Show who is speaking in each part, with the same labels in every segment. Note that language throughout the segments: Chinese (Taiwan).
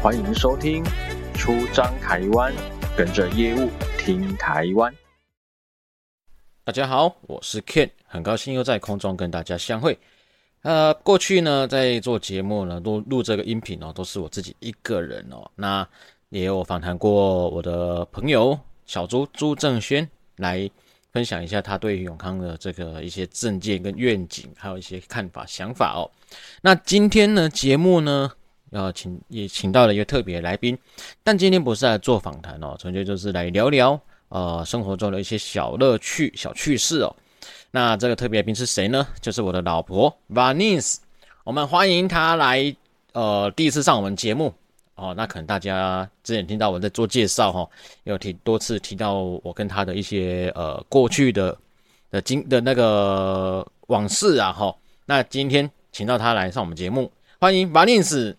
Speaker 1: 歡迎收聽《出張台灣》，跟着業務聽台灣。大家好，我是 Ken，很高興又在空中跟大家相會。呃，過去呢，在做節目呢，錄錄這個音頻哦，都是我自己一個人哦。那也有訪談過我的朋友小朱朱正軒，來分享一下他對永康的這個一些政見跟願景，還有一些看法想法哦。那今天呢，節目呢，要、呃、請也請到了一個特別來賓，但今天不是來做訪談哦，純粹就是來聊聊呃生活中的一些小樂趣、小趣事哦。那這個特別來賓是誰呢？就是我的老婆 Vaness。我們歡迎她來呃第一次上我們節目哦。那可能大家之前聽到我在做介紹哈、哦，有提多次提到我跟她的一些呃過去的的經的那個往事啊哈、哦。那今天請到她來上我們節目，歡迎 Vaness。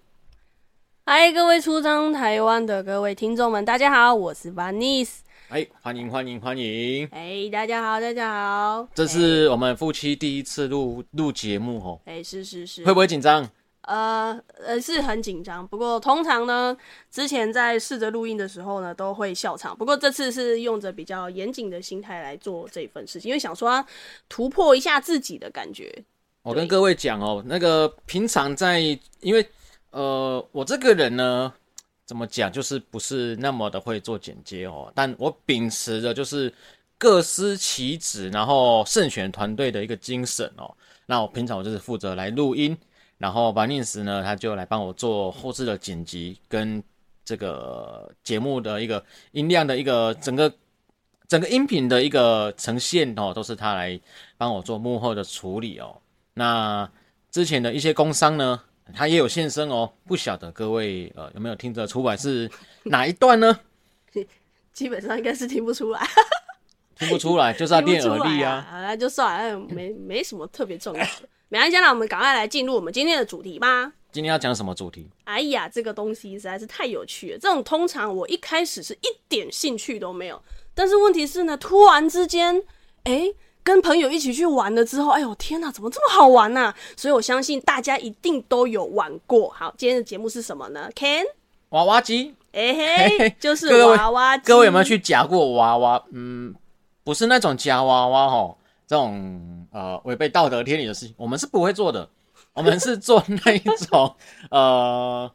Speaker 2: 嗨，各位出張台灣的各位聽眾們，大家好，我是班尼斯。
Speaker 1: 哎，歡迎歡迎歡迎！哎、
Speaker 2: hey,，大家好，大家好。
Speaker 1: 這是我們夫妻第一次錄錄節目哦、喔。哎、hey,，是是是。會不會緊張？
Speaker 2: 呃呃，是很緊張。不過通常呢，之前在試着錄音的時候呢，都會笑場。不過這次是用着比較嚴謹的心態來做這份事情，因為想說、啊、突破一下自己的感覺。
Speaker 1: 我跟各位講哦、喔，那個平常在因為。呃，我這個人呢，怎麼講，就是不是那麼的會做剪接哦，但我秉持的就是各司其職，然後慎選團隊的一個精神哦。那我平常我就是負責來錄音，然後把寧時呢，他就來幫我做後製的剪輯跟這個節目的一個音量的一個整個整個音頻的一個呈現哦，都是他來幫我做幕後的處理哦。那之前的一些工商呢？他也有現身哦，不曉得各位呃有沒有聽得出來是哪一段呢？
Speaker 2: 基本上應該是聽不出來，
Speaker 1: 聽不出來就是要練耳力啊， 啊好
Speaker 2: 那就算了，哎、沒沒什麼特別重要的。 沒關係，那我們趕快來進入我們今天的主題吧。
Speaker 1: 今天要講什麼主題？
Speaker 2: 哎呀，這個東西實在是太有趣了。這種通常我一開始是一點興趣都沒有，但是問題是呢，突然之間，哎、欸。跟朋友一起去玩了之後，哎呦天哪，怎麼這麼好玩啊？所以我相信大家一定都有玩過。好，今天的節目是什麼呢？Ken，
Speaker 1: 娃娃機，哎、欸嘿，欸、嘿，就是娃娃機。各位有沒有去夾過娃娃？嗯，不是那種夾娃娃吼，這種呃違背道德天理的事情，我們是不會做的。我們是做那一種 呃。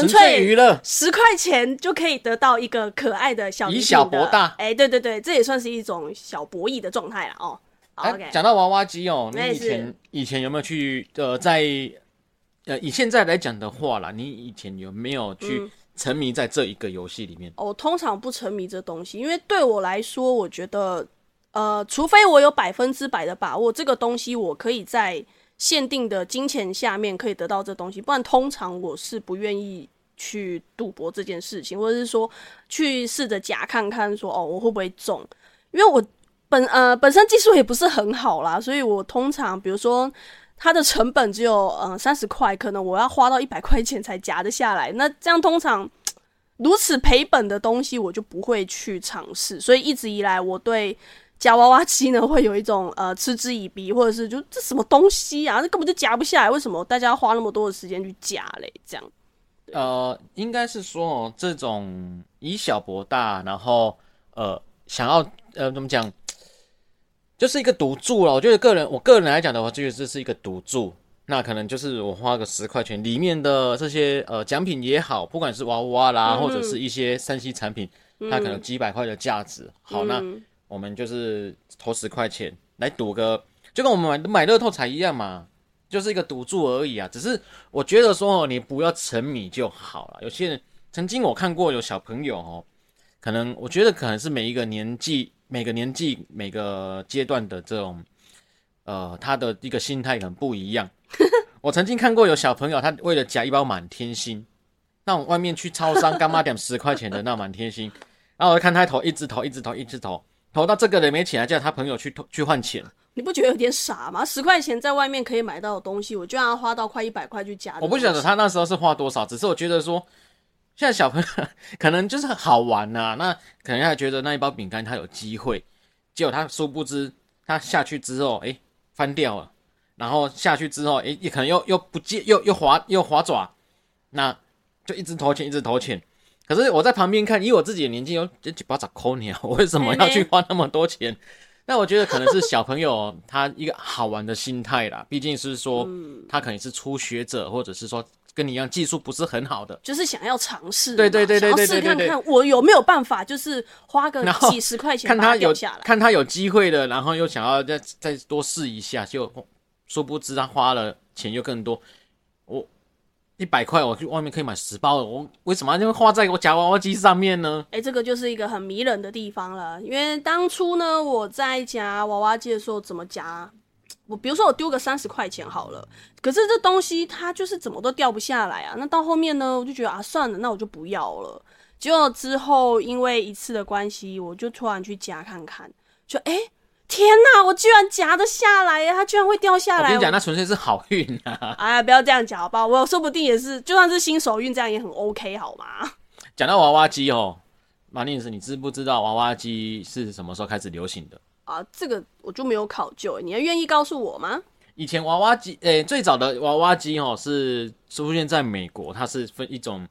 Speaker 1: 純粹娛樂，十
Speaker 2: 塊錢就可以得到一個可愛的小的以小博大，哎、欸，對對對，這也算是一種小博弈的狀態了
Speaker 1: 哦。講、欸 okay、到娃娃機哦，你以前以前有沒有去？呃，在呃，以現在來講的話啦，你以前有沒有去沉迷在這一個遊戲裡面？
Speaker 2: 我、嗯哦、通常不沉迷這東西，因為對我來說，我覺得呃，除非我有百分之百的把握，這個東西我可以在。限定的金錢下面可以得到這東西，不然通常我是不願意去賭博這件事情，或者是說去試着夾看看說，說哦我會不會中，因為我本呃本身技術也不是很好啦，所以我通常比如說它的成本只有嗯三十塊，可能我要花到一百塊錢才夾得下來，那這樣通常如此賠本的東西我就不會去嘗試，所以一直以來我對。夾娃娃機呢，會有一種呃嗤之以鼻，或者是就這什麼東西啊，那根本就夾不下來，為什麼大家要花那麼多的時間去夾嘞？這樣，
Speaker 1: 呃，應該是說這種以小博大，然後呃，想要呃怎麼講，就是一個賭注了。我覺得個人我個人來講的話，就覺得這是一個賭注。那可能就是我花個十塊錢，裡面的這些呃獎品也好，不管是娃娃啦，嗯、或者是一些三 C 產品，
Speaker 2: 它可能幾
Speaker 1: 百塊的價值。嗯、好那。嗯我們就是投十塊錢來賭個，就跟我們買買樂透彩一樣嘛，就是一個賭注而已啊。只是我覺得說，哦，你不要沉迷就好了。有些人曾經我看過有小朋友哦，可能我覺得可能是每一個年紀、每個年紀、每個階段的這種，呃，他的一個心態很不一樣。我曾經看過有小朋友，他為了夾一包滿天星，那外面去超商幹嘛點十塊錢的那滿天星，然後我就看他投，一直投，一直投，一直投。投到這個裡面來叫他朋友去投去換錢，
Speaker 2: 你不覺得有點傻嗎？十塊錢在外面可以買到的東西，我就讓他花到快一百塊去夾。我不曉得他
Speaker 1: 那時候是花多少，只是我覺得說，現在小朋友可能就是好玩吶、啊，那可能他覺得那一包餅乾他有機會，結果他殊不知他下去之後，哎、欸，翻掉了，然後下去之後，哎、欸，也可能又又不見，又又滑又滑爪，那就一直投錢一直投錢。可是我在旁邊看，以我自己的年紀，有這舉巴找摳你啊！我為什麼要去花那麼多錢？欸欸 那我覺得可能是小朋友他一個好玩的心態啦， 畢竟是說他可能是初學者，或者是說跟你一樣技術不是很好的，就
Speaker 2: 是想要嘗試，對對對對，嘗試看看我有沒有辦法，就是花個幾十塊錢看他掉下來，
Speaker 1: 看他有機會的，然後又想要再再多試一下，就殊不知他花了錢又更多。一百塊，我去外面可以買十包。我為什麼要花在，在我夾娃娃機上面呢？誒、
Speaker 2: 欸，這個就是一個很迷人的地方了。因為當初呢，我在夾娃娃機的時候，怎麼夾？我比如說我丟個三十塊錢好了，可是這東西它就是怎麼都掉不下來啊。那到後面呢，我就覺得啊，算了，那我就不要了。結果之後，因為一次的關係，我就突然去夾看看，就誒。欸天哪！我居然夾得下來呀，啊，它居然會掉下來。我跟你講，那純
Speaker 1: 粹是好運啊！
Speaker 2: 哎呀，不要這樣講好不好？我說不定也是，就算是新手運，這樣也很 OK 好嗎？
Speaker 1: 講到娃娃機哦，馬女士，你知不知道娃娃機是什麼時候開始流行的？
Speaker 2: 啊，這個我就沒有考究，你還願意告訴我嗎？
Speaker 1: 以前娃娃機，哎，最早的娃娃機哦，是出現在美國，它是分一種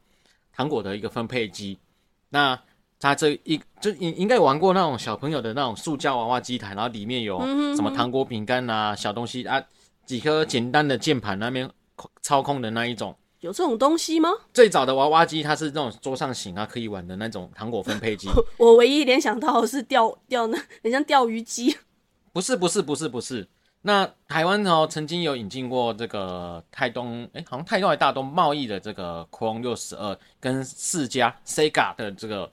Speaker 1: 糖果的一個分配機，那。他這一就應應該有玩過那種小朋友的那種塑膠娃娃機台，然後裡面有什麼糖果、餅乾吶、小東西啊，幾顆簡單的鍵盤那邊操控的那一種。
Speaker 2: 有這種東西嗎？
Speaker 1: 最早的娃娃機它是那種桌上型啊，可以玩的那種糖果分配機。
Speaker 2: 我唯一聯想到的是釣釣那，很像釣魚機。
Speaker 1: 不是不是不是不是，那台灣哦、喔、曾經有引進過這個台東，哎、欸，好像台東還大東貿易的這個空六十二跟四家 Sega 的這個。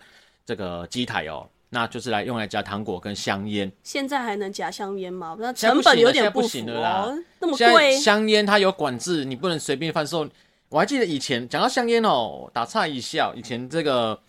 Speaker 1: 這個機台哦，那就是來用來夾糖果跟香菸。
Speaker 2: 現在還能夾香菸嗎？那成本有點不,不,行,了不行了啦，那麼貴。香
Speaker 1: 菸它有管制，你不能隨便販售。我還記得以前講到香菸哦，打岔一下、哦。以前這個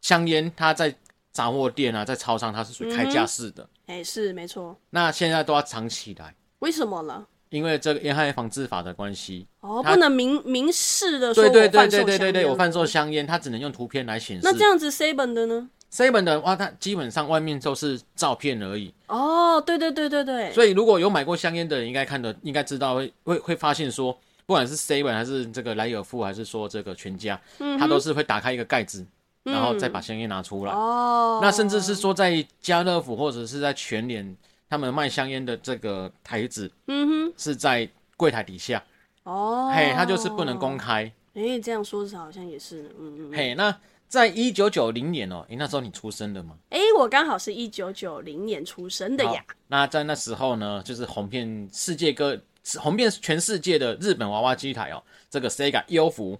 Speaker 1: 香菸它在雜貨店啊，在超商它是屬於開架式的，
Speaker 2: 哎、嗯，是沒錯。
Speaker 1: 那現在都要藏起來，
Speaker 2: 為什麼呢？
Speaker 1: 因為這個煙害防制法的關係，哦、oh,，不能
Speaker 2: 明明示的說我販售香煙，對對對對對，對我販
Speaker 1: 售香煙，他只能用圖片來顯示。那這樣
Speaker 2: 子 Seven 的呢
Speaker 1: ？Seven 的話，它基本上外面都是照片而已。
Speaker 2: 哦、oh,，對對對對對。所
Speaker 1: 以如果有買過香煙的人，應該看的應該知道會會會發現說，不管是 Seven 還是這個萊爾富還是說這個全家，他都是會打開一個蓋子、嗯，然後再把香煙拿出來。哦、嗯，oh. 那甚至是說在家樂福或者是在全聯。他們賣香菸的這個檯子，嗯哼，是在櫃檯底下
Speaker 2: 哦。嘿，他就是不能公開。哎、欸，這樣說是好像也是，嗯嗯。嘿，
Speaker 1: 那在一九九零年哦、喔，哎、欸，那時候你出生的嗎？哎、
Speaker 2: 欸，我剛好是一九九零年出生
Speaker 1: 的呀、喔。那在那時候呢，就是紅遍世界各、紅遍全世界的日本娃娃機檯哦、喔，這個 Sega UFO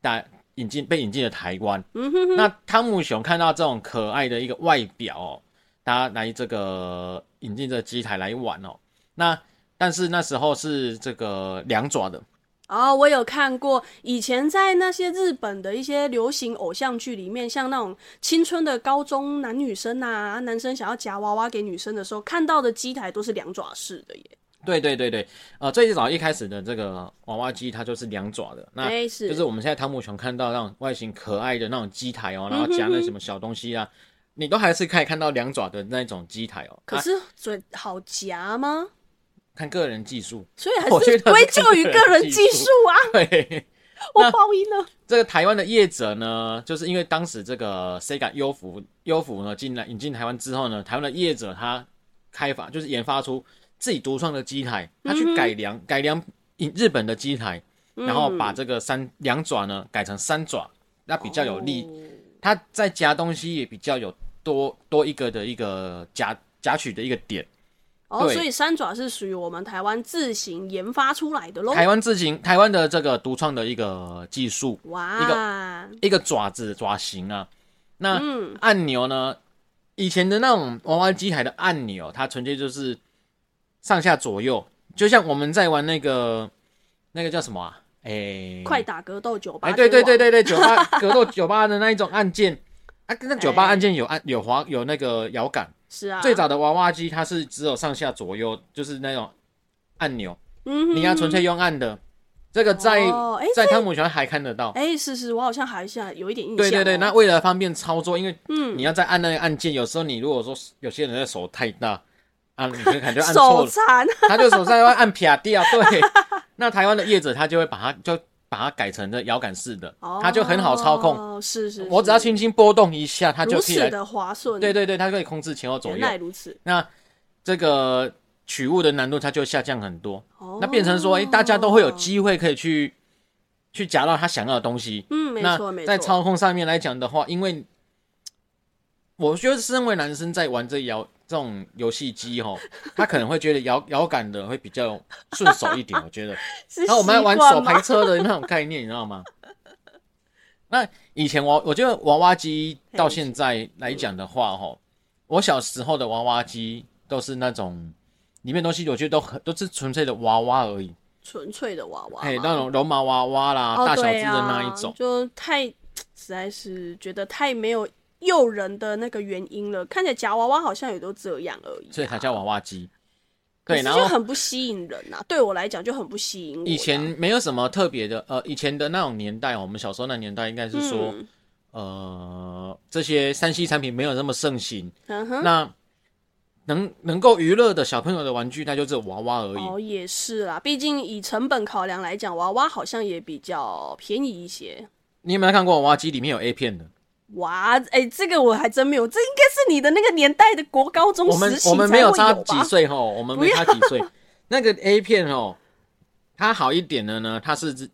Speaker 1: 但引進被引進了臺灣。嗯哼，哼，那湯姆熊看到這種可愛的一個外表、喔，他來這個。引進這機台來玩哦，那但是那時候是這個兩爪的
Speaker 2: 哦，oh, 我有看過。以前在那些日本的一些流行偶像劇裡面，像那種青春的高中男女生啊，男生想要夾娃娃給女生的時候，看到的機台都是兩爪式的耶。
Speaker 1: 對對對對，呃，最早一開始的這個娃娃機它就是兩爪的，那就是我們現在湯姆熊看到那種外形可愛的那種機台哦，嗯、然後夾那什麼小東西啊。嗯嗯你都還是可以看到兩爪的那種機台哦。可是
Speaker 2: 嘴好夾嗎？
Speaker 1: 看個人技術，所以還是歸咎於個人技術啊技。對，我報應了。這個台灣的業者呢，就是因為當時這個 Sega 幽浮幽浮呢進來引進台灣之後呢，台灣的業者他開發就是研發出自己獨創的機台，他去改良、嗯、改良引日本的機台、嗯，然後把這個三兩爪呢改成三爪，那比較有力、哦，他在夾東西也比較有。多多一個的一個夾夾取的一個點，哦，所以
Speaker 2: 三爪是屬於我們台灣自行研發出來的嘍。台灣自
Speaker 1: 行台灣的這個獨創的一個技術，哇，一個一個爪子爪型啊。那按鈕呢、嗯？以前的那種娃娃機台的按鈕，它純粹就是上下左右，就像我們在玩那個那個叫什麼、啊？哎、欸，快
Speaker 2: 打格鬥98。哎，對對對對對，酒 吧格
Speaker 1: 鬥98的那一種按鍵。啊，那酒吧按鍵有按有滑、欸、有那個搖桿，是啊。最早的娃娃機它是只有上下左右，就是那種按鈕、嗯，你要純粹用按的。嗯、哼哼這個在、哦欸、在湯姆熊還看得到，哎、
Speaker 2: 欸，是是，我好像還下有一點印象、哦。對對對，那
Speaker 1: 為了方便操作，因為嗯，你要再按那個按鍵、嗯，有時候你如果說有些人的手太大，按、啊、你就感覺按錯了，手、啊、他就手殘要按偏掉啊。對， 那台灣的業者他就會把它就。把它改成的搖桿式的，oh, 它就很好操控。是是是，我只要輕輕波動一下，它就可以對對對，它可以控制前後左右。原來如此，那這個取物的難度它就下降很多。Oh, 那變成說，哎、欸，大家都會有機會可以去去夾到他想要的東西。嗯，那沒錯沒錯。在操控上面來講的話，因為我覺得身為男生在玩這搖這種遊戲機哈，他可能會覺得搖搖桿的會比較順手一點。我覺得， 然後我們還玩手排車的那種概念， 你知道嗎？那以前我我覺得娃娃機到現在來講的話，哈，我小時候的娃娃機都是那種裡面東西，我覺得都很都是純粹的娃娃而已。
Speaker 2: 純粹的娃娃，
Speaker 1: 哎，那種絨毛娃娃啦、哦，大小隻的那一種，啊、就
Speaker 2: 太實在是覺得太沒有。誘人的那個原因了，看起來夾娃娃好像也都這樣而已，啊，
Speaker 1: 所以它叫娃娃機，對，然後就很不
Speaker 2: 吸引人吶，啊。 對我來講就很不吸引我。以
Speaker 1: 前沒有什麼特別的，呃，以前的那種年代，我們小時候那年代應該是說，嗯，呃，這些三 C 產品沒有那麼盛行。嗯哼，那能能夠娛樂的小朋友的玩具，那就是娃娃而已。哦，
Speaker 2: 也是啦，畢竟以成本考量來講，娃娃好像也比較便宜一些。
Speaker 1: 你有沒有看過娃娃機裡面有 A 片的？
Speaker 2: 哇，哎、欸，這個我還真沒有，這應該是你的那個年代的國高中時。我們我們沒有差幾歲
Speaker 1: 吼，我們沒差幾歲。那個 A 片哦，它好一點的呢，它是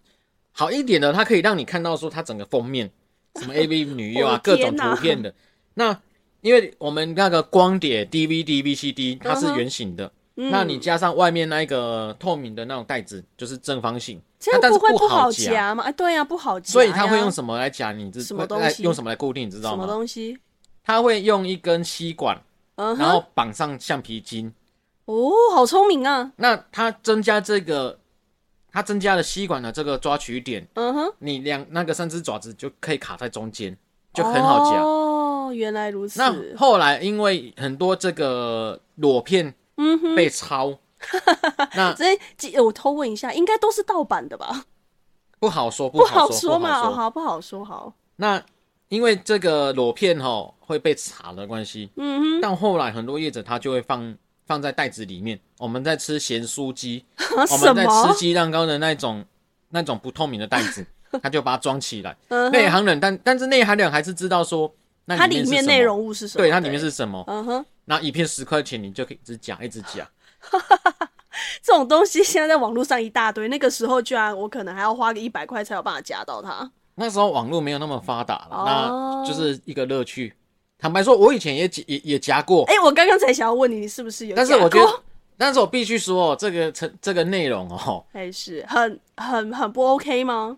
Speaker 1: 好一點的，它可以讓你看到說它整個封面，什麼 A V 女優啊、、 哦、啊各種圖片的。那因為我們那個光碟 D V D V C D 它是圓形的，uh -huh. 那你加上外面那一個透明的那種袋子，就是正方形。這樣不會不好夾
Speaker 2: 嗎？哎、啊，對呀、啊，不好夾、啊。所以他會用什
Speaker 1: 麼來夾？你這什麼東西？用什麼來固定？你知道嗎？什麼東西？他會用一根吸管，uh -huh. 然後綁上橡皮筋。哦、oh,，好聰明啊！那他增加這個，他增加了吸管的這個抓取點。嗯、uh、哼 -huh.，你兩那個三隻爪子就可以卡在中間，就很好夾哦。
Speaker 2: Oh, 原來如此。那
Speaker 1: 後來因為很多這個裸片，嗯哼，被抄。Uh -huh. 那這
Speaker 2: 我偷問一下，應該都是盜版
Speaker 1: 的吧？不好說，不好說，不好說嘛，不好說，哦，好，
Speaker 2: 不好說好。
Speaker 1: 那因為這個裸片哈會被查的關係，嗯哼。但後來很多業者他就會放放在袋子裡面。我們在吃鹹酥雞， 我們在吃雞蛋糕的那種那種不透明的袋子， 他就把它裝起來。內、嗯、行人，但但是內行人還是知道說，那裡它裡面內容物是什麼對？對，它裡面是什麼？嗯哼。那一片十塊錢，你就可以一直夾，一直夾。
Speaker 2: 哈哈哈哈這種東西現在在網絡上一大堆，那個時候居然我可能還要花個一百塊才有辦法夾到它。
Speaker 1: 那時候網絡沒有那麼發達，oh. 那就是一個樂趣。坦白說，我以前也也也夾過。哎、欸，
Speaker 2: 我剛剛才想要問你，你是不是有夾過？但是我覺得，
Speaker 1: 但是我必須說，這個成這個內容哦、喔，還、
Speaker 2: 欸、是很很很不 OK 嗎？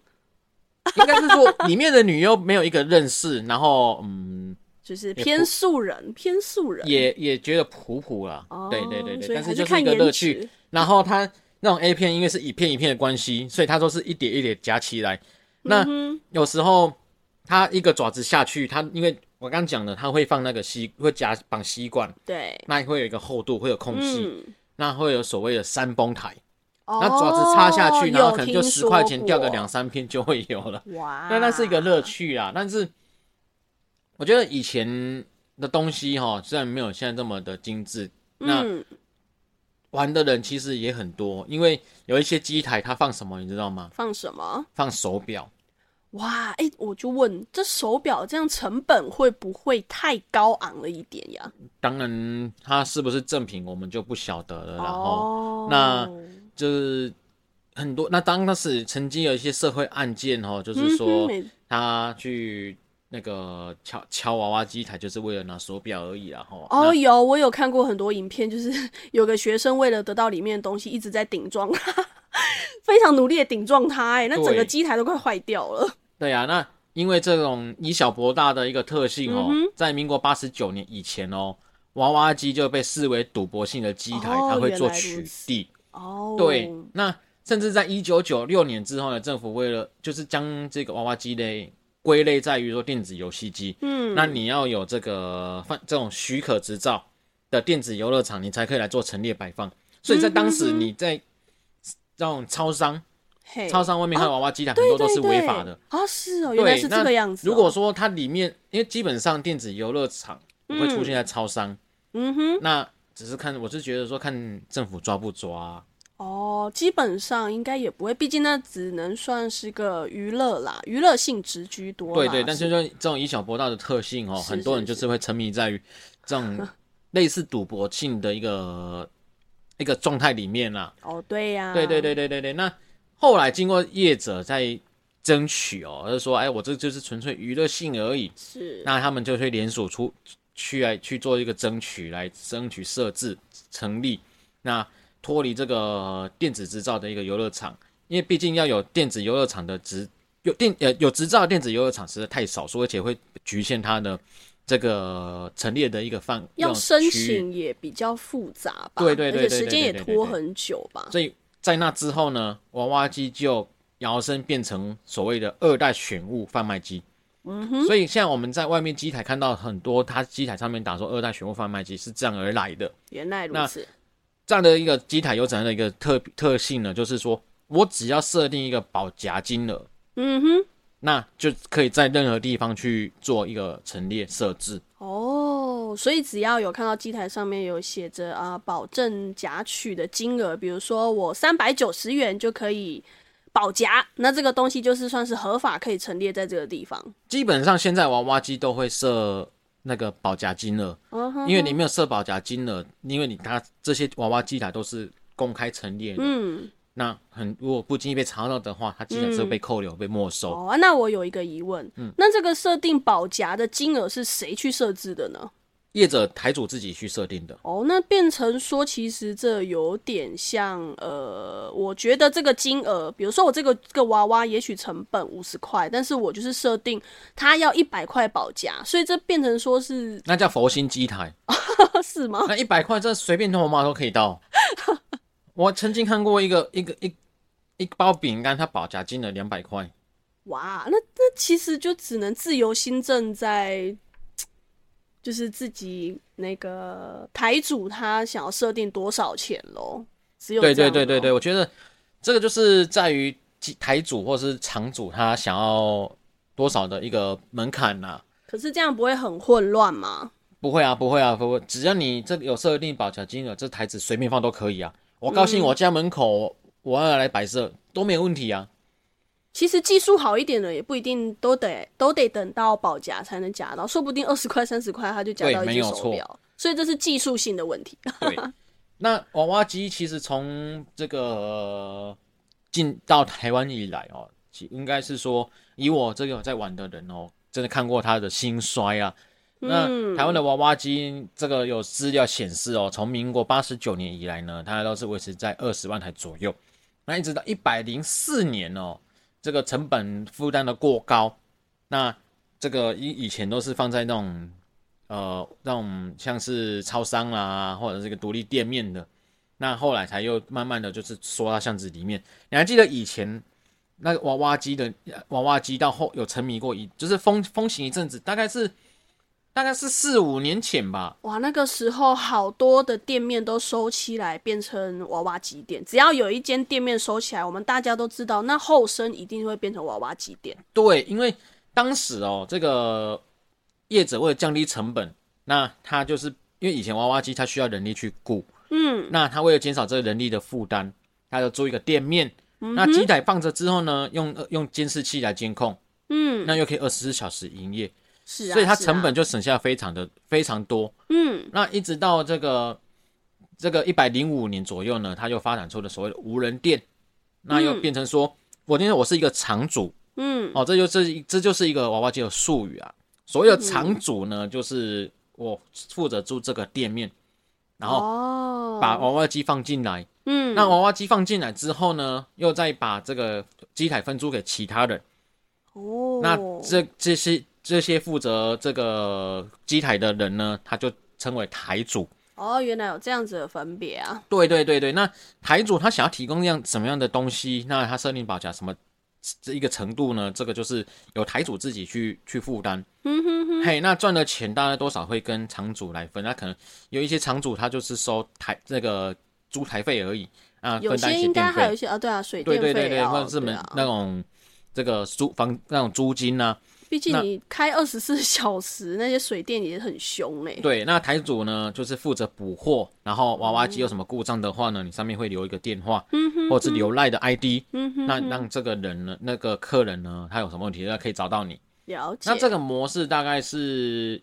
Speaker 2: 應該
Speaker 1: 是說裡面的女優沒有一個認識，然後嗯。
Speaker 2: 就是偏素人，偏素人也
Speaker 1: 也覺得普普啦，oh, 對對對對，但是就是一個樂趣。然後他那種 A 片，因為是一片一片的關係，所以它都是一疊一疊夾起來。嗯、那有時候他一個爪子下去，他因為我剛剛講了，他會放那個吸，會夾綁吸管，對，那會有一個厚度，會有空隙，嗯、那會有所謂的三崩台。
Speaker 2: 那、oh, 爪子插下去，然後可能就十塊錢掉個
Speaker 1: 兩三片就會有
Speaker 2: 了，哇！那那
Speaker 1: 是一個樂趣啊，但是。我覺得以前的東西哈、哦，雖然沒有現在這麼的精致、嗯，那玩的人其實也很多，因為有一些機台它放什麼，你知道嗎？
Speaker 2: 放什麼？
Speaker 1: 放手錶。
Speaker 2: 哇，哎、欸，我就問，這手錶這樣成本會不會太高昂了一點呀？
Speaker 1: 當然，它是不是正品，我們就不曉得了。哦、然後，那就是很多。那當當時曾經有一些社會案件哦，嗯、就是說他去。那個敲敲娃娃機台就是為了拿手表而已啦，
Speaker 2: 然，oh, 哦，有我有看過很多影片，就是有個學生為了得到裡面的東西，一直在頂撞他， 非常努力的頂撞他，欸，哎，那整個機台都快壞掉了。
Speaker 1: 對呀，啊，那因為這種以小博大的一個特性哦，喔，mm -hmm. 在民國八十九年以前哦，喔，娃娃機就被視為賭博性的機台，oh, 它會做取締哦。Oh. 對，那甚至在一九九六年之後呢，政府為了就是將這個娃娃機列。歸類在於說電子遊戲機，嗯，那你要有這個放這種許可執照的電子遊樂場，你才可以來做陳列擺放。所以在當時你在、嗯、這種超商，
Speaker 2: 超商外面還有娃娃機，它很多都是違法的啊、哦哦！是哦，原來是這個樣子、哦。如果
Speaker 1: 說它裡面，因為基本上電子遊樂場不會出現在超商，嗯，嗯哼，那只是看，我是覺得說看政府抓不抓。
Speaker 2: 哦，基本上應該也不會，畢竟那只能算是個娛樂啦，娛樂性質居多。對，對對，但是說這
Speaker 1: 種以小博大的特性哦、喔，是是是是很多人就是會沉迷在於這種類似賭博性的一個 一個狀態裡面啦。
Speaker 2: 哦，對呀、啊，對對對對
Speaker 1: 對對。那後來經過業者在爭取哦、喔，就是說，哎、欸，我這就是純粹娛樂性而已。是，那他們就會連署出去來去做一個爭取，來爭取設置成立。那脫離這個電子執照的一個遊樂場，因為畢竟要有電子遊樂場的執有電呃有執照的電子遊樂場實在太少數，而且會侷限它的這個陳列的一個範。要申請
Speaker 2: 也比較複雜吧， 對對對，時間也拖很久吧。所
Speaker 1: 以在那之後呢，娃娃機就搖身變成所謂的二代選物販賣機。嗯哼，所以現在我們在外面機台看到很多，它機台上面打說二代選物販賣機是這樣而來的。
Speaker 2: 原來如此。
Speaker 1: 這樣的一個機台有怎樣的一個特特性呢？就是說我只要設定一個保夾金額，嗯哼，那就可以在任何地方去做一個陳列設置。
Speaker 2: 哦，所以只要有看到機台上面有寫着啊，保證夾取的金額，比如說我三百九十元就可以保夾，那這個東西就是算是合法可以陳列在這個地方。
Speaker 1: 基本上現在娃娃機都會設。那個保夾金額，uh -huh. 因為你沒有設保夾金額，uh -huh. 因為你他這些娃娃機台都是公開陳列的，嗯、uh -huh.，那很如果不經意被查到的話，他機台是會被扣留、uh -huh. 被沒收。好啊、uh
Speaker 2: -huh.，那我有一個疑問，uh -huh. 那這個設定保夾的金額是誰去設置的呢？
Speaker 1: 業者台主自己去設定的
Speaker 2: 哦，那變成說，其實這有點像呃，我覺得這個金額，比如說我這個、這個娃娃，也許成本五十塊，但是我就是設定它要一百塊保夾，所以這變成說是
Speaker 1: 那叫佛心機台
Speaker 2: 是嗎？那
Speaker 1: 一百塊這隨便通我媽都可以到。 我曾經看過一個一個一一包餅乾，它保夾金額兩百塊。
Speaker 2: 哇，那那其實就只能自由心證在。就是自己那個台主他想要設定多少錢嘍？只有對對對對
Speaker 1: 對，我覺得這個就是在於台主或是場主他想要多少的一個門檻吶。
Speaker 2: 可是這樣不會很混亂嗎？
Speaker 1: 不會啊，不會啊，不會，只要你這裡有設定保夾金額，有這台子隨便放都可以啊。我高興，我家門口我要來擺設、嗯、都沒問題啊。
Speaker 2: 其實技術好一點的也不一定都得都得等到保夾才能夾到，說不定二十塊三十塊他就夾到一隻手表，所以這是技術性的問題。
Speaker 1: 對， 那娃娃機其實從這個進到臺灣以來哦，應該是說以我這個我在玩的人哦，真的看過它的興衰啊。那臺灣的娃娃機這個有資料顯示哦，從民國八十九年以來呢，它都是維持在二十萬台左右，那一直到一百零四年哦。這個成本負擔的過高，那這個以以前都是放在那種，呃，那種像是超商啦、啊，或者這個獨立店面的，那後來才又慢慢的就是縮到巷子裡面。你還記得以前那個娃娃機的娃娃機，到後有沉迷過一，就是風風行一陣子，大概是。大概是四五年前吧。
Speaker 2: 哇，那個時候好多的店面都收起來，變成娃娃機店。只要有一間店面收起來，我們大家都知道，那後生一定會變成娃娃機店。
Speaker 1: 對，因為當時哦，這個業者為了降低成本，那他就是因為以前娃娃機它需要人力去顧。嗯，那他為了減少這個人力的負擔，他就租一個店面，嗯，那機台放着之後呢，用用監視器來監控，嗯，那又可以二十四小時營業。是啊、所以它成本就省下非常的、啊、非常多，嗯，那一直到這個這個一百零五年左右呢，它就發展出了所謂的無人店、嗯，那又變成說我今天我是一個場主，嗯，哦，這就是這就是一個娃娃機的術語啊，所謂的場主呢，嗯、就是我負責租這個店面，然後哦把娃娃機放進來，嗯、哦，那娃娃機放進來之後呢，又再把這個機台分租給其他人，哦，那這這些。這些負責這個機台的人呢，他就稱為檯主。
Speaker 2: 哦，原來有這樣子的分別啊！
Speaker 1: 對對對對，那檯主他想要提供樣什麼樣的東西，那他設定保夾什麼這一個程度呢？這個就是由檯主自己去去負擔。嗯哼哼。嘿，hey，那賺的錢大概多少會跟場主來分？那可能有一些場主他就是收檯這個租檯費而已啊，分有些應該還有一些
Speaker 2: 啊，對啊，水電費、啊。對，對對對對，或者是門、
Speaker 1: 啊、那種這個租房那種租金呢、啊？
Speaker 2: 畢竟你開二十四小時，那些水電也很凶哎。對，
Speaker 1: 那台主呢，就是負責補貨，然後娃娃機有什麼故障的話呢、嗯，你上面會留一個電話，嗯哼，
Speaker 2: 哼，或者是
Speaker 1: 留賴的 ID，嗯哼，哼，那讓這個人呢，那個客人呢，他有什麼問題，他可以找到你。
Speaker 2: 了解。那這
Speaker 1: 個模式大概是，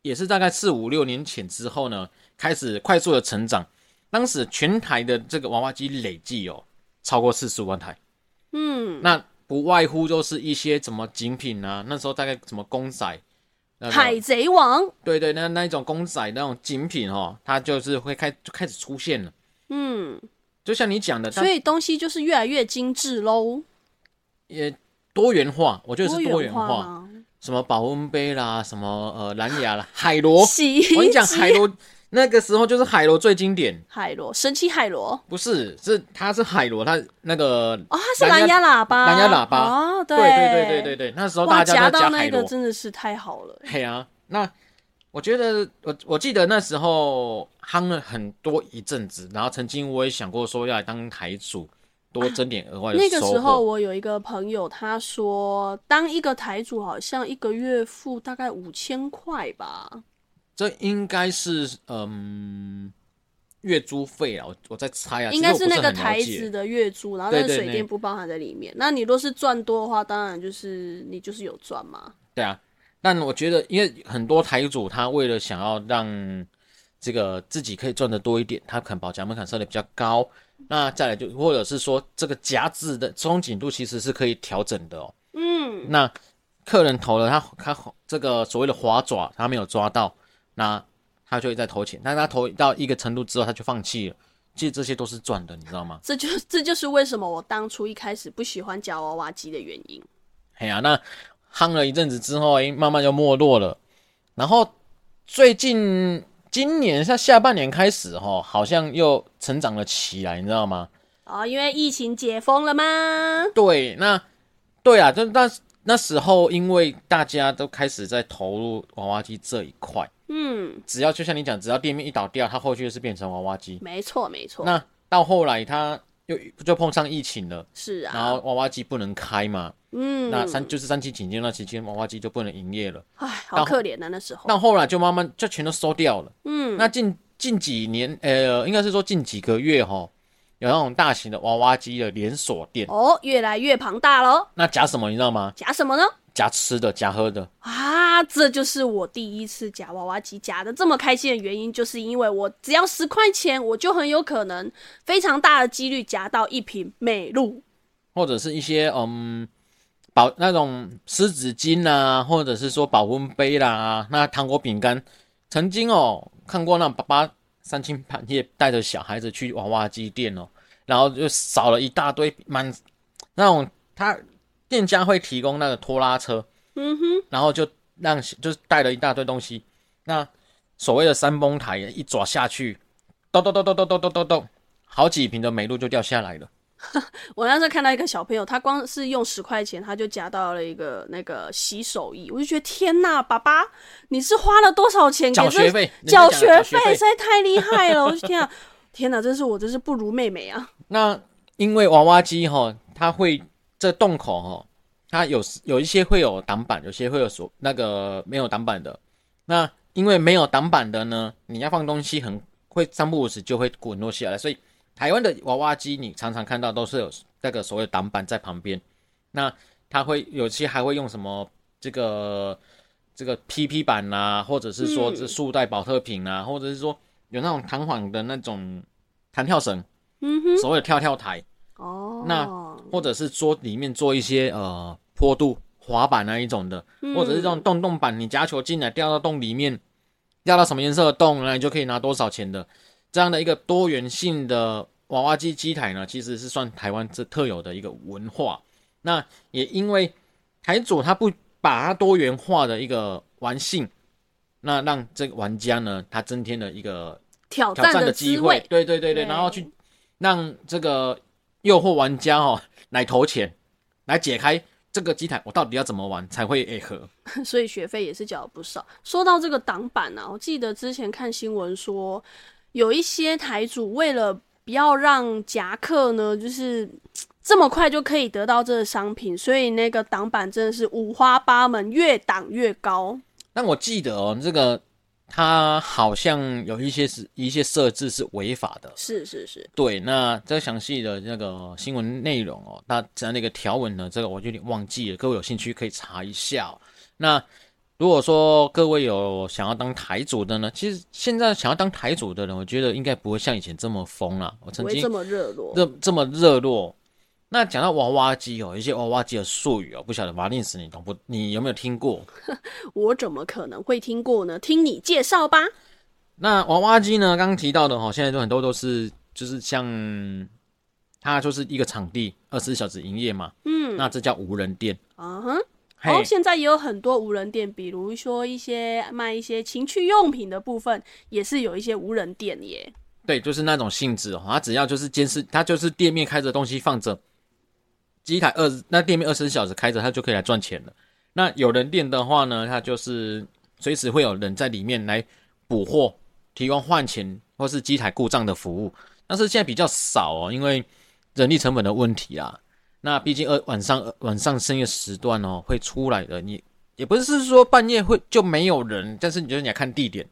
Speaker 1: 也是大概四五六年前之後呢，開始快速的成長。當時全台的這個娃娃機累計有超過四十萬台。嗯，那。不外乎就是一些什麼景品啊，那時候大概什麼公仔，那個、海
Speaker 2: 賊王，
Speaker 1: 對對，對，那那一種公仔那種景品哦，它就是會開就開始出現了。
Speaker 2: 嗯，
Speaker 1: 就像你講的，所以
Speaker 2: 東西就是越來越精緻嘍，
Speaker 1: 也多元化，我覺得是多元化，多元化，什麼保溫杯啦，什麼呃藍牙啦，海螺，我跟你講，海螺。那個時候就是海螺最經典，
Speaker 2: 海螺神奇海螺
Speaker 1: 不是，是它是海螺，它那個哦，它是藍牙喇叭，藍牙喇叭啊、哦，對對對對對，對那時候大家夾，夾到那個真
Speaker 2: 的是太好
Speaker 1: 了、欸。嘿啊，那我覺得我我記得那時候夯了很多一陣子，然後曾經我也想過說要來當台主，多掙點額外的錢、啊。那個時候
Speaker 2: 我有一個朋友，他說當一個台主好像一個月付大概五千塊吧。
Speaker 1: 這應該是嗯月租費啦，再啊，我我在猜啊，應該是那個檯子的
Speaker 2: 月租，然後那個水電不包含在裡面對對。那你若是賺多的話，當然就是你就是有賺嘛。
Speaker 1: 對啊，但我覺得，因為很多檯主他為了想要讓這個自己可以賺的多一點，他可能把夾門檻設的比較高。那再來就或者是說，這個夾子的鬆緊度其實是可以調整的哦。嗯，那客人投了他，他他這個所謂的滑爪，他沒有抓到。那他就會再投錢，但是他投到一個程度之後，他就放棄了。其實這些都是賺的，你知道嗎？這
Speaker 2: 就這就是為什麼我當初一開始不喜歡夾娃娃機的原因。
Speaker 1: 哎呀、啊，那夯了一陣子之後，哎、欸，慢慢就沒落了。然後最近今年在下,下半年開始，哦，好像又成長了起來，你知道嗎？
Speaker 2: 哦，因為疫情解封了嗎？
Speaker 1: 對，那對啊，就那那時候，因為大家都開始在投入娃娃機這一塊。嗯，只要就像你講，只要店面一倒掉，它後續就是變成娃娃機。
Speaker 2: 沒錯，沒錯。那
Speaker 1: 到後來，它又就碰上疫情了，是啊，然後娃娃機不能開嘛，嗯，那三就是三期緊急那期間，娃娃機就不能營業了，
Speaker 2: 哎，好可憐的那時候。
Speaker 1: 那後來就慢慢就全都收掉了，嗯。那近近幾年，呃，應該是說近幾個月哈，有那種大型的娃娃機的連鎖店，哦，
Speaker 2: 越來越龐大嘍。
Speaker 1: 那夾什麼你知道嗎？夾什麼呢？夾吃的，夾喝的
Speaker 2: 啊！這就是我第一次夾娃娃機夾的這麼開心的原因，就是因為我只要十塊錢，我就很有可能非常大的幾率夾到一瓶美露，
Speaker 1: 或者是一些嗯保那種濕紙巾啊，或者是說保溫杯啦，啊，那糖果餅乾。曾經哦，看過那爸爸三更半夜帶着小孩子去娃娃機店哦，然後就少了一大堆滿那種他，店家會提供那個拖拉車，嗯哼，然後就讓就是帶了一大堆東西，那所謂的山崩台一抓下去，咚咚咚咚咚咚咚咚，好幾瓶的美露就掉下來了。
Speaker 2: 我那時候看到一個小朋友，他光是用十塊錢，他就夾到了一個那個洗手液，我就覺得天哪，爸爸，你是花了多少錢給？繳學費？繳學費實在太厲害了！ 我就天啊，天哪，真是我，真是不如妹妹啊。
Speaker 1: 那因為娃娃機哈、哦，它會。這洞口哈、哦，它有有一些會有擋板，有些會有所，那個沒有擋板的，那因為沒有擋板的呢，你要放東西很會三不五時就會滾落下來，所以台灣的娃娃機你常常看到都是有那個所謂的擋板在旁邊，那它會有些還會用什麼這個這個 PP 板吶、啊，或者是說這塑料袋、寶特瓶啊、嗯，或者是說有那種彈簧的那種彈跳繩，嗯
Speaker 2: 哼，所
Speaker 1: 謂的跳跳台哦，
Speaker 2: 那。
Speaker 1: 或者是說裡面做一些呃坡度滑板那一種的，嗯、或者是這種洞洞板，你夾球進來掉到洞裡面，掉到什麼顏色的洞，那你就可以拿多少錢的這樣的一個多元性的娃娃機機台呢，其實是算台灣這特有的一個文化。那也因為台主他不把它多元化的一個玩性，那讓這個玩家呢，他增添了一個
Speaker 2: 挑戰的機會的，對
Speaker 1: 對對對，對，然後去讓這個誘惑玩家哦。來投錢，來解開這個機台，我到底要怎麼玩才會艾合？
Speaker 2: 所以學費也是繳了不少。說到這個擋板啊，我記得之前看新聞說，有一些台主為了不要讓夾客呢，就是這麼快就可以得到這個商品，所以那個擋板真的是五花八門，越擋越高。
Speaker 1: 但我記得哦，這個。他好像有一些是，一些設置是違法
Speaker 2: 的。是是是，
Speaker 1: 對。那這詳細的那個新聞內容哦，那這樣的一個條文呢，這個我就有點忘記了。各位有興趣可以查一下哦。那如果說各位有想要當檯主的呢，其實現在想要當檯主的人，我覺得應該不會像以前這麼瘋了啊。我曾經這麼熱這這麼熱絡。那講到娃娃機哦、喔，一些娃娃機的術語哦、喔，不曉得馬林斯你懂不？你有沒有聽過？
Speaker 2: 我怎麼可能會聽過呢？聽你介紹吧。
Speaker 1: 那娃娃機呢？剛剛提到的哈、喔，現在都很多都是就是像它就是一個場地，二十四小時營業嘛。嗯，那這叫無人店。嗯、
Speaker 2: uh、哼 -huh hey。哦，現在也有很多無人店，比如說一些賣一些情趣用品的部分，也是有一些無人店耶。
Speaker 1: 對，就是那種性質哦、喔，它只要就是監視，它就是店面開着東西放着。機台二十那店面二十四小時開着，它就可以來賺錢了。那有人店的話呢，它就是隨時會有人在裡面來補貨、提供換錢或是機台故障的服務。但是現在比較少哦，因為人力成本的問題啦。那畢竟晚上晚上深夜時段哦，會出來的，你也不是說半夜會就沒有人，但是你就要看地點。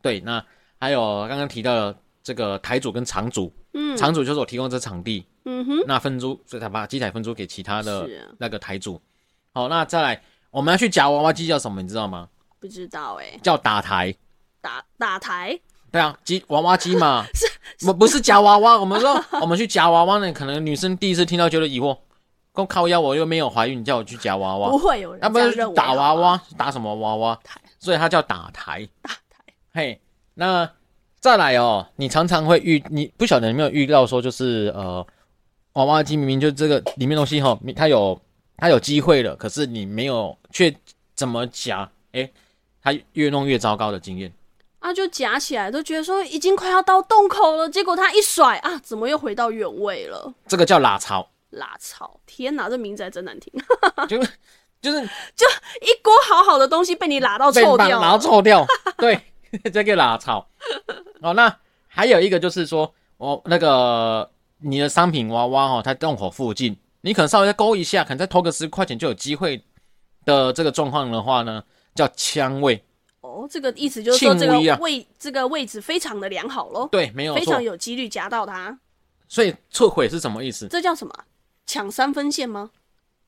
Speaker 1: 對，那還有剛剛提到的這個台主跟場主，嗯，場主就是我提供這場地。嗯哼，那分租，所以他把機台分租給其他的那個台主、啊。好，那再來，我們要去夾娃娃機叫什麼？你知道嗎？
Speaker 2: 不知道哎、欸，
Speaker 1: 叫打台，
Speaker 2: 打打台。
Speaker 1: 對啊，機娃娃機嘛， 是不不是夾娃娃？ 我們說我們去夾娃娃呢，可能女生第一次聽到覺得疑惑，我靠腰，我又沒有懷孕，叫我去夾娃娃，不會有人。那不是打娃娃，娃，打什麼娃娃台？所以他叫打台。打台。嘿、hey，那再來哦，你常常會遇，你不曉得有沒有遇到說就是呃。娃娃機明明就這個裡面東西哈，它有它有機會了，可是你沒有，卻怎麼夾？誒、欸、它越弄越糟糕的經驗
Speaker 2: 啊，就夾起來都覺得說已經快要到洞口了，結果它一甩啊，怎麼又回到原位了？
Speaker 1: 這個叫喇槽，
Speaker 2: 喇槽！天哪，這名字還真難聽， 就就是就一鍋好好的東西被你喇到臭掉，被喇
Speaker 1: 臭掉，對，這 個 喇槽。哦，那還有一個就是說我、哦、那個。你的商品娃娃哈、哦，它洞口附近，你可能稍微再勾一下，可能再投個十塊錢就有機會的這個狀況的話呢，叫槍位。
Speaker 2: 哦，這個意思就是說、啊、這個位，這個位置非常的良好嘍。對，沒有錯，非常有幾率夾到它。
Speaker 1: 所以撤回是什麼意思？這
Speaker 2: 叫什麼？搶三分線嗎？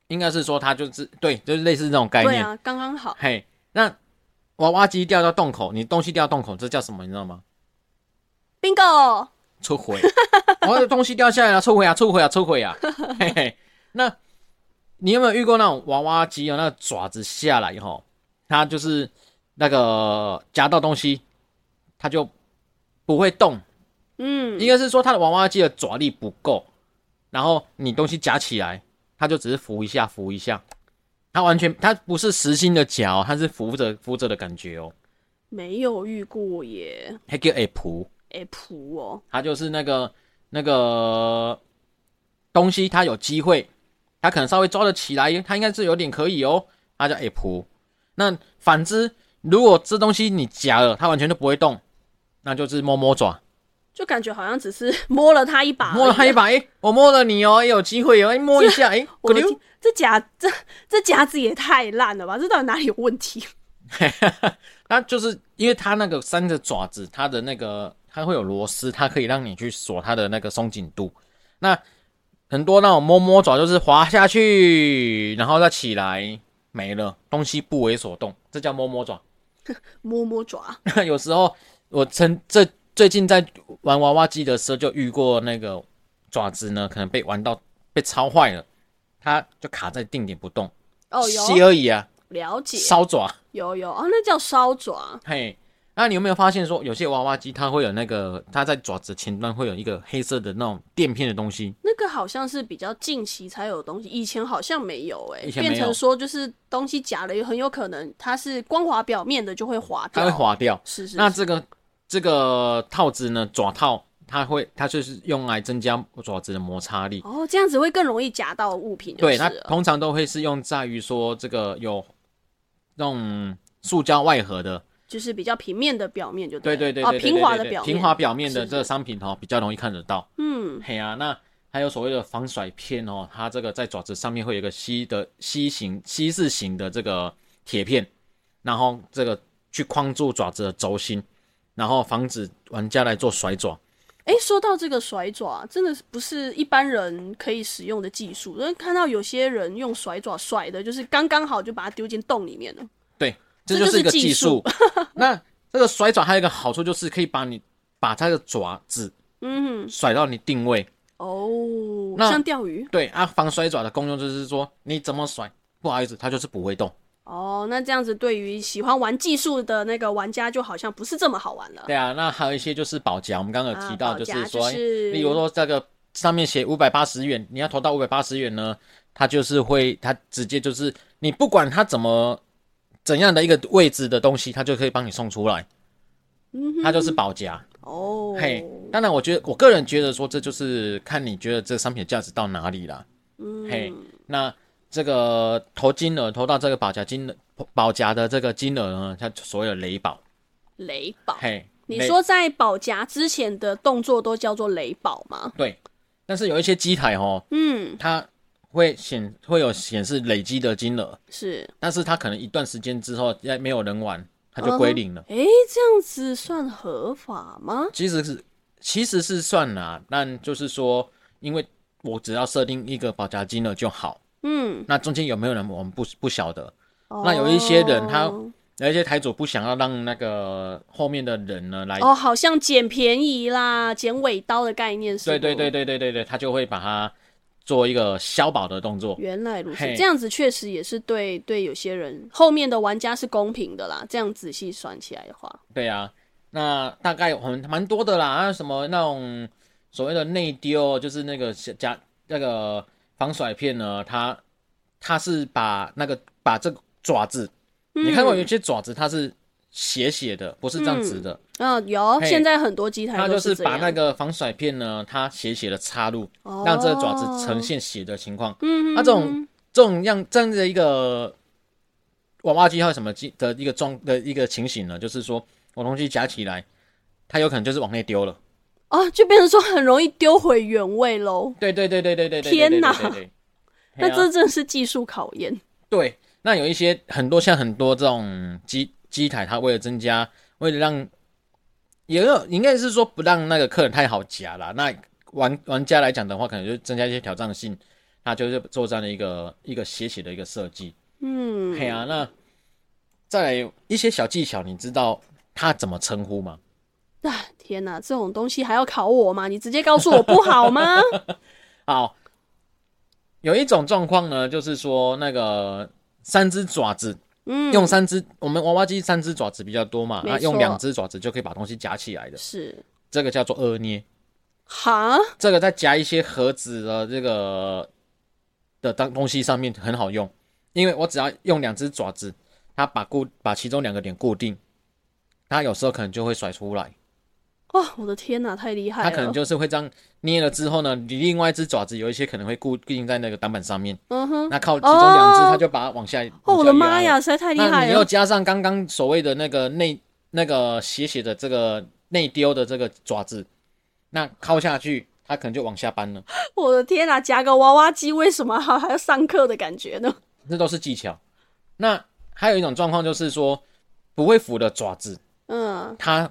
Speaker 1: 應該是說它就是對，就是類似這種概念對啊，剛剛好。嘿，那娃娃機掉到洞口，你東西掉到洞口，這叫什麼？你知道嗎？Bingo。 出灰，我的東西掉下來了，出灰啊，出灰啊，出灰啊！ 那，你有沒有遇過那種娃娃機啊、哦？那個爪子下來以、哦、後，它就是那個夾到東西，它就不會動。嗯，應該是說它的娃娃機的爪力不夠，然後你東西夾起來，它就只是浮一下，浮一下。它完全，它不是實心的夾、哦，它是浮着浮着的感覺哦。
Speaker 2: 沒有遇過耶，
Speaker 1: 還叫愛普。
Speaker 2: 誒、欸、撲哦，
Speaker 1: 它就是那個那個東西，它有機會，它可能稍微抓得起來，它應該是有點可以哦。它叫誒撲。那反之，如果這東西你夾了，它完全就不會動，那就是摸摸爪。
Speaker 2: 就感覺好像只是摸了它一把、啊，摸了它一把。哎、
Speaker 1: 欸，我摸了你哦，有機會、哦，哎摸一下。哎、啊欸，我的天，
Speaker 2: 這夾這這夾子也太爛了吧！這到底哪裡有問題？
Speaker 1: 那 就是因為它那個三個爪子，它的那個。它會有螺絲，它可以讓你去鎖它的那個鬆緊度。那很多那種摸摸爪就是滑下去，然後再起來，沒了東西不為所動，這叫摸摸爪。
Speaker 2: 摸摸爪，
Speaker 1: 有時候我曾這最近在玩娃娃機的時候就遇過那個爪子呢，可能被玩到被操壞了，它就卡在定點不動。
Speaker 2: 哦，有而已啊，了解。燒爪，有有啊、哦，那叫燒爪， 嘿。
Speaker 1: 那你有沒有發現說，有些娃娃機它會有那個，它在爪子前端會有一個黑色的那種墊片的東西？
Speaker 2: 那個好像是比較近期才有的東西，以前好像沒有誒、欸。以前沒有。變成說就是東西夾了，也很有可能它是光滑表面的就會滑掉。它會滑
Speaker 1: 掉，是是，是。那這個這個套子呢？爪套它會，它就是用來增加爪子的摩擦力。
Speaker 2: 哦，這樣子會更容易夾到物品。對，它
Speaker 1: 通常都會是用在於說這個有那種塑膠外盒的。
Speaker 2: 就是比較平面的表面就對對對，對，對，對，對，對啊，平滑的表面，平滑表面的這
Speaker 1: 個商品哈、哦、比較容易看得到嗯嘿啊，那還有所謂的防甩片哦，它這個在爪子上面會有一個 C 的 C 型 C 字形的這個鐵片，然後這個去框住爪子的軸心，然後防止玩家來做甩爪。
Speaker 2: 哎、欸，說到這個甩爪，真的是不是一般人可以使用的技術？因、就、為、是、看到有些人用甩爪甩的，就是剛剛好就把它丟進洞裡面了。
Speaker 1: 這就是一個技術。這技術 那這、那個甩爪還有一個好處就是可以把你把它的爪子，
Speaker 2: 嗯，
Speaker 1: 甩到你定位。
Speaker 2: 哦、嗯，像釣魚。
Speaker 1: 對啊，防甩爪的功用就是說你怎麼甩，不好意思，它就是不會動。
Speaker 2: 哦，那這樣子對於喜歡玩技術的那個玩家就好像不是這麼好玩了。
Speaker 1: 對啊，那還有一些就是保夾，我們剛剛有提到，就是說，比、啊就是哎、例如說這個上面寫五百八十元，你要投到五百八十元呢，它就是會，它直接就是你不管它怎麼。怎樣的一個位置的東西，他就可以幫你送出來，
Speaker 2: 嗯，他就是保夾哦，嘿，
Speaker 1: 當然，我覺得我個人覺得說，這就是看你覺得這個商品價值到哪裡了，嗯，嘿，那這個投金額投到這個保夾金額保夾的這個金額呢，它所謂的雷保
Speaker 2: 雷保，嘿，你說在保夾之前的動作都叫做雷保嗎？雷？
Speaker 1: 對，但是有一些機台哦，嗯，它。會顯會有顯示累積的金額是，但是他可能一段時間之後再沒有人玩，他就歸零了。
Speaker 2: 哎、uh-huh.，這樣子算合法嗎？其
Speaker 1: 實是其實是算啦，但就是說，因為我只要設定一個保夾金額就好。嗯，那中間有沒有人，我們不不曉得。Oh. 那有一些人他，他有一些台主不想要讓那個後面的人呢來，哦、oh,，好
Speaker 2: 像撿便宜啦，撿尾刀的概念是不是？對對對
Speaker 1: 對對對對，他就會把它。做一個消保的動作。原
Speaker 2: 來如此，這樣子確實也是對對有些人後面的玩家是公平的啦。這樣仔細算起來的話，
Speaker 1: 對啊，那大概我們蠻多的啦啊，什麼那種所謂的內丟，就是那個夾，那個防甩片呢，它它是把那個把這爪子，嗯、你看過有些爪子它是斜斜的，不是這樣子的。嗯。
Speaker 2: 嗯、啊，有現在很多機台都，它就是把那
Speaker 1: 個防甩片呢，它斜斜的插入，哦、讓這個爪子呈現斜的情況。嗯，那、啊、種這種樣這樣子一個娃娃機還有什麼機的一個狀的，的一個情形呢？就是說我東西夾起來，它有可能就是往內丟
Speaker 2: 了，啊，就變成說很容易丟回原位嘍。對對對對對對，天吶，
Speaker 1: 那這真
Speaker 2: 是技術考驗、
Speaker 1: 啊。對，那有一些很多像很多這種機機台，它為了增加，為了讓也有，應該是說不讓那個客人太好夾了。那玩玩家來講的話，可能就增加一些挑戰性，他就是做這樣一一斜斜的一個一個斜斜的一個設計。嗯，
Speaker 2: 對啊。
Speaker 1: 那再來一些小技巧，你知道他怎麼稱呼嗎？
Speaker 2: 啊，天哪、啊，這種東西還要考我嗎？你直接告訴我不好嗎？
Speaker 1: 好，有一種狀況呢，就是說那個三只爪子。嗯，用三隻、嗯，我們娃娃機三隻爪子比較多嘛，那用兩隻爪子就可以把東西夾起來的，是。這個叫做二捏。哈，這個在夾一些盒子的這個的當東西上面很好用，因為我只要用兩隻爪子，它把固把其中兩個點固定，它有時候可能就會甩出來。
Speaker 2: 哇、哦，我的天哪、啊，太厲害了！他可能就
Speaker 1: 是會這樣捏了之後呢，你另外一隻爪子有一些可能會固定在那個擋板上面，嗯哼，那靠其中兩隻，他、哦、就把它往下。哦，越來越來越我的媽呀、啊，實在太厲害了！你要加上剛剛所謂的那個內那個斜斜的這個內丟的這個爪子，那靠下去，它可能就往下扳了。
Speaker 2: 我的天哪、啊，夾個娃娃機為什麼還要上課的感覺呢？
Speaker 1: 這都是技巧。那還有一種狀況就是說不會扶的爪子，嗯，它。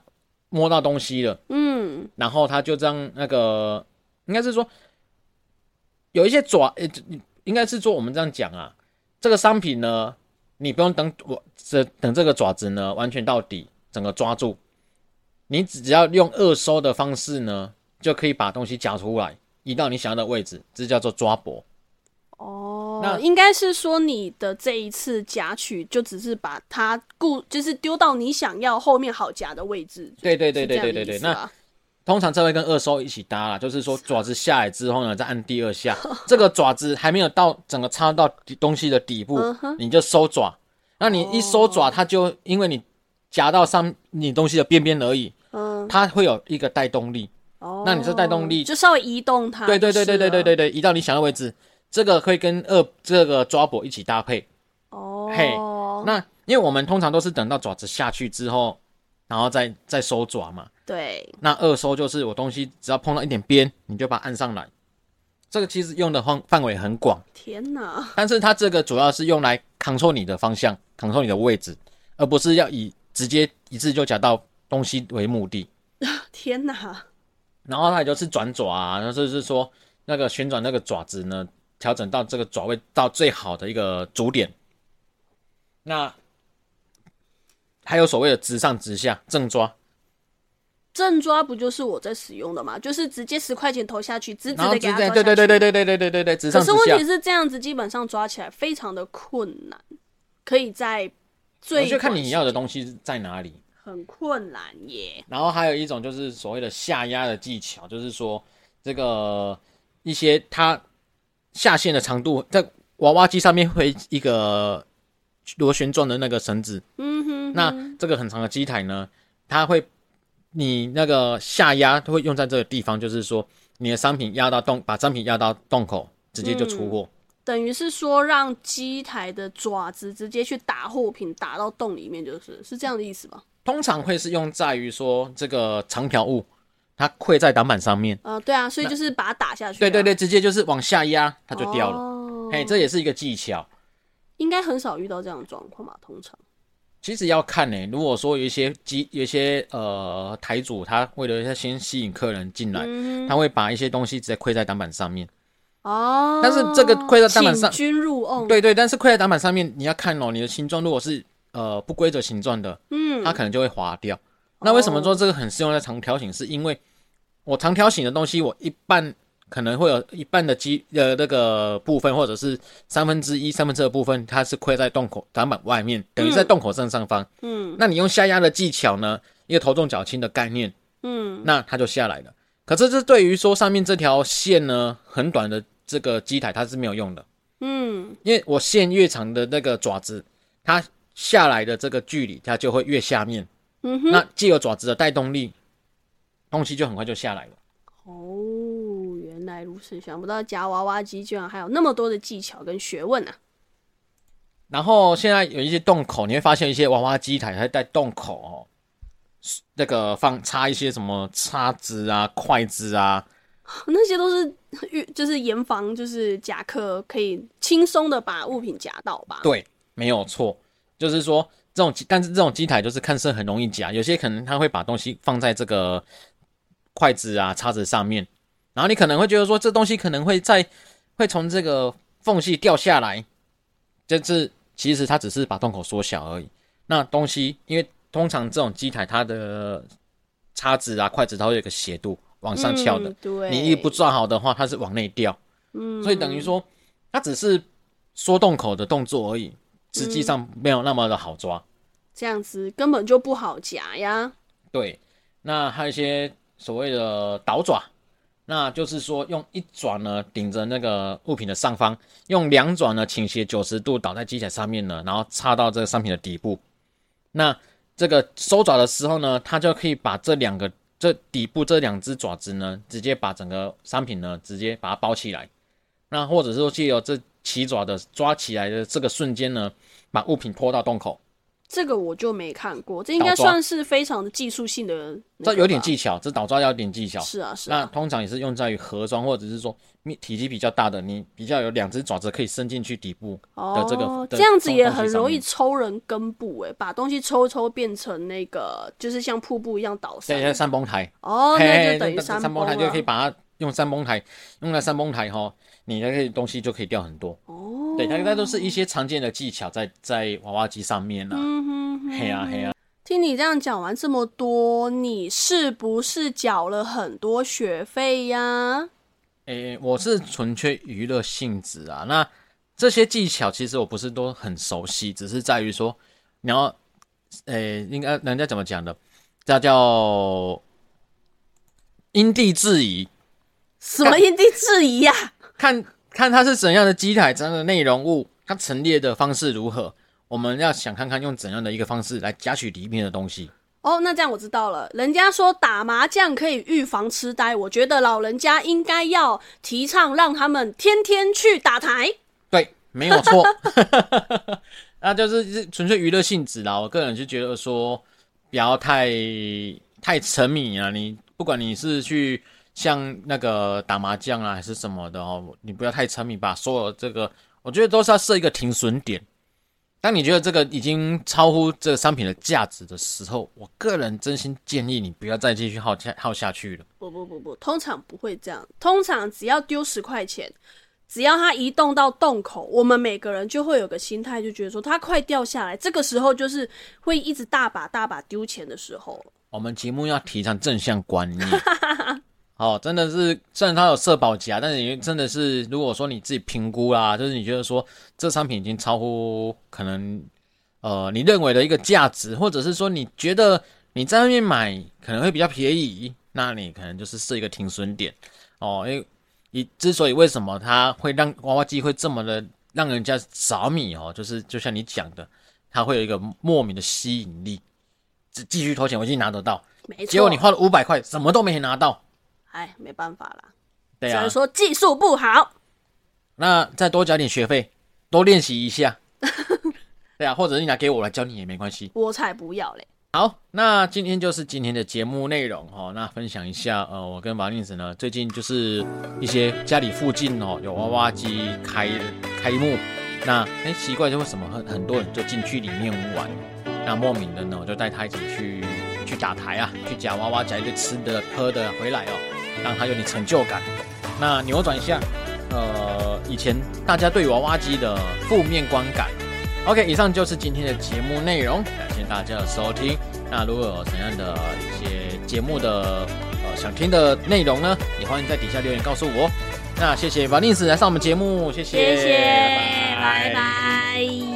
Speaker 1: 摸到東西了，嗯，然後他就這樣，那個應該是說有一些爪，呃，應該是說我們這樣講啊，這個商品呢，你不用等我這等這個爪子呢完全到底整個抓住，你只只要用二收的方式呢，就可以把東西夾出來，移到你想要的位置，這叫做抓脖。哦。
Speaker 2: 嗯、應該是說你的這一次夾取就只是把它固，就是丟到你想要後面好夾的位置，就是。
Speaker 1: 對對對對對對對。那通常這會跟二收一起搭啦，就是說爪子下來之後呢，再按第二下， 這個爪子還沒有到整個插到東西的底部， 你就收爪。 那你一收爪， 它就因為你夾到上你東西的邊邊而已， 它會有一個帶動力。
Speaker 2: 哦。 那你這帶動力 就稍微移動它。對對對對對對
Speaker 1: 對對，移到你想要的位置。這個會跟二這個抓捕一起搭配哦。嘿、
Speaker 2: oh. hey,，那
Speaker 1: 因為我們通常都是等到爪子下去之後，然後再再收爪嘛。對。那二收就是我東西只要碰到一點邊，你就把它按上來。這個其實用的方範，範圍很廣。天哪！但是它這個主要是用來抗 l 你的方向、抗 l 你的位置，而不是要以直接一次就夾到東西為目的。
Speaker 2: 天哪！
Speaker 1: 然後它也就是轉爪、啊，然後就是說那個旋轉那個爪子呢。調整到這個爪位，到最好的一個主點。那還有所謂的直上直下正抓，
Speaker 2: 正抓不就是我在使用的嘛？就是直接十塊錢投下去，直直的給他對對對
Speaker 1: 對對對對對，對直直。可是問題是
Speaker 2: 這樣子，基本上抓起來非常的困難。可以在最就看你你要
Speaker 1: 的東西在哪裡。
Speaker 2: 很困難耶。
Speaker 1: 然後還有一種就是所謂的下壓的技巧，就是說這個一些它。下線的長度在娃娃機上面會一個螺旋狀的那個繩子，嗯哼，哼，那這個很長的機台呢，它會你那個下壓都會用在這個地方，就是說你的商品壓到洞，把商品壓到洞口，直接就出貨。嗯，
Speaker 2: 等於是說讓機台的爪子直接去打貨品，打到洞裡面，就是是這樣的意思吧？
Speaker 1: 通常會是用在於說這個長條物。它潰在擋板上面。啊、
Speaker 2: 呃，對啊，所以就是把它打下去，啊。對對
Speaker 1: 對，直接就是往下壓，它就掉了。嘿、哦 hey, 這也是一個技巧。
Speaker 2: 應該很少遇到這樣的狀況吧？通常。
Speaker 1: 其實要看呢、欸。如果說有一些機，有些呃台主，他為了要先吸引客人進來，嗯，他會把一些東西直接潰在擋板上面。
Speaker 2: 哦。但是這個潰在擋板上，均入哦。對對，
Speaker 1: 但是潰在擋板上面，你要看哦，你的形狀如果是呃不規則形狀的，嗯，它可能就會滑掉。那為什麼說這個很適用在長條形？是因為我長條形的東西，我一半可能會有一半的機呃那個部分，或者是三分之一、三分之二的部分，它是虧在洞口擋板外面，等於在洞口正上方嗯。嗯，那你用下壓的技巧呢，一個頭重腳輕的概念。嗯，那它就下來了。可是這對於說上面這條線呢很短的這個機台，它是沒有用的。嗯，因為我線越長的那個爪子，它下來的這個距離，它就會越下面。嗯， 那既有爪子的帶動力，東西就很快就下來
Speaker 2: 了。哦，原來如此，想不到夾娃娃機居然還有那麼多的技巧跟學
Speaker 1: 問呢、啊。然後現在有一些洞口，你會發現一些娃娃機台它帶洞口、哦，那、這個放插一些什麼叉子啊、筷子啊，
Speaker 2: 那些都是預就是嚴防就是夾客，可以輕鬆的把物品夾到吧？對，
Speaker 1: 沒有錯，就是說。這種機，但是這種機台就是看似很容易夾，有些可能他會把東西放在這個筷子啊、叉子上面，然後你可能會覺得說這東西可能會在會從這個縫隙掉下來，這，就是其實它只是把洞口縮小而已。那東西因為通常這種機台它的叉子啊、筷子會有一個斜度往上翹的，嗯，對，你一不抓好的話，它是往內掉，嗯，所以等於說它只是縮洞口的動作而已。
Speaker 2: 實際上
Speaker 1: 沒有那麼的好抓，嗯，
Speaker 2: 這樣子根本就不好夾呀。
Speaker 1: 對，那還有一些所謂的倒爪，那就是說用一爪呢頂着那個物品的上方，用兩爪呢傾斜九十度倒在機台上面呢，然後插到這個商品的底部。那這個收爪的時候呢，它就可以把這兩個這底部這兩只爪子呢，直接把整個商品呢直接把它包起來。那或者說借由這起爪的抓起來的這個瞬間呢，把物品拖到洞口。
Speaker 2: 這個我就沒看過，這應該算是非常的技術性的。這有點技
Speaker 1: 巧，這倒抓要點技巧。是啊，是啊。那通常也是用在於盒裝或者是說體積比較大的，你比較有兩隻爪子可以伸進去底部的這個、哦的這，這樣子也很容易
Speaker 2: 抽人根部、欸，哎，把東西抽一抽變成那個就是像瀑布一樣倒下，對，山崩台。哦，對山崩台。山崩台就可以
Speaker 1: 把它用山崩台，嗯、用在山崩台吼。你的東西就可以掉很多哦、oh.，對，應該都是一些常見的技巧在在娃娃機上面了、啊 啊。嗯哼，嘿呀嘿呀，
Speaker 2: 聽你這樣講完這麼多，你是不是繳了很多學費呀？
Speaker 1: 誒、欸，我是純粹娛樂性質啊。那這些技巧其實我不是都很熟悉，只是在於說，然後，誒、欸，應該人家怎麼講的？這叫因地制宜。什麼因地制宜呀？ 看看它是怎樣的機台，怎樣的內容物，它陳列的方式如何，我們要想看看用怎樣的一個方式來夾取裡面的東西。
Speaker 2: 哦、oh,，那這樣我知道了。人家說打麻將可以預防痴呆，我覺得老人家應該要提倡讓他們天天去打台。
Speaker 1: 對，沒有錯。 那就是純粹娛樂性質啦。我個人就覺得說，不要太太沉迷啊。你不管你是去。像那個打麻將啊，還是什麼的哦，你不要太沉迷吧。所有這個，我覺得都是要設一個停損點。當你覺得這個已經超乎這個商品的價值的時候，我個人真心建議你不要再繼續耗下耗下去了。
Speaker 2: 不不不不，通常不會這樣。通常只要丟十塊錢，只要它移動到洞口，我們每個人就會有個心態，就覺得說它快掉下來。這個時候就是會一直大把大把丟錢的時候。
Speaker 1: 我們節目要提倡正向觀念。 哦，真的是，雖然它有設保夾，但是你真的是，如果說你自己評估啦、啊，就是你覺得說這商品已經超乎可能，呃，你認為的一個價值，或者是說你覺得你在外面買可能會比較便宜，那你可能就是設一個停損點。哦，因為你之所以為什麼它會讓娃娃機會這麼的讓人家着迷哦，就是就像你講的，它會有一個莫名的吸引力，只繼續投錢，我已經拿得到，
Speaker 2: 沒錯。結果你花
Speaker 1: 了五百塊，什麼都沒拿到。
Speaker 2: 哎，沒辦法啦，
Speaker 1: 就是，啊、說
Speaker 2: 技術不好。
Speaker 1: 那再多交點學費，多練習一下。 對啊，或者你拿給我，我來教你也沒關係。
Speaker 2: 我才不要嘞！
Speaker 1: 好，那今天就是今天的節目內容哦。那分享一下，呃，我跟王寧子呢，最近就是一些家裡附近哦有娃娃機開開幕，那哎、欸、奇怪就為什麼很很多人就進去裡面玩，那莫名的呢，我就帶他一起去去打台啊，去夾娃娃，夾一堆吃的喝的回來哦。讓他有點成就感。那扭轉一下，呃，以前大家對娃娃機的負面觀感。OK，以上就是今天的節目內容，感謝大家的收聽。那如果有怎樣的一些節目的呃想聽的內容呢？也歡迎在底下留言告訴我。那謝謝王律師來上我們節目，謝謝，謝謝，拜拜。拜拜。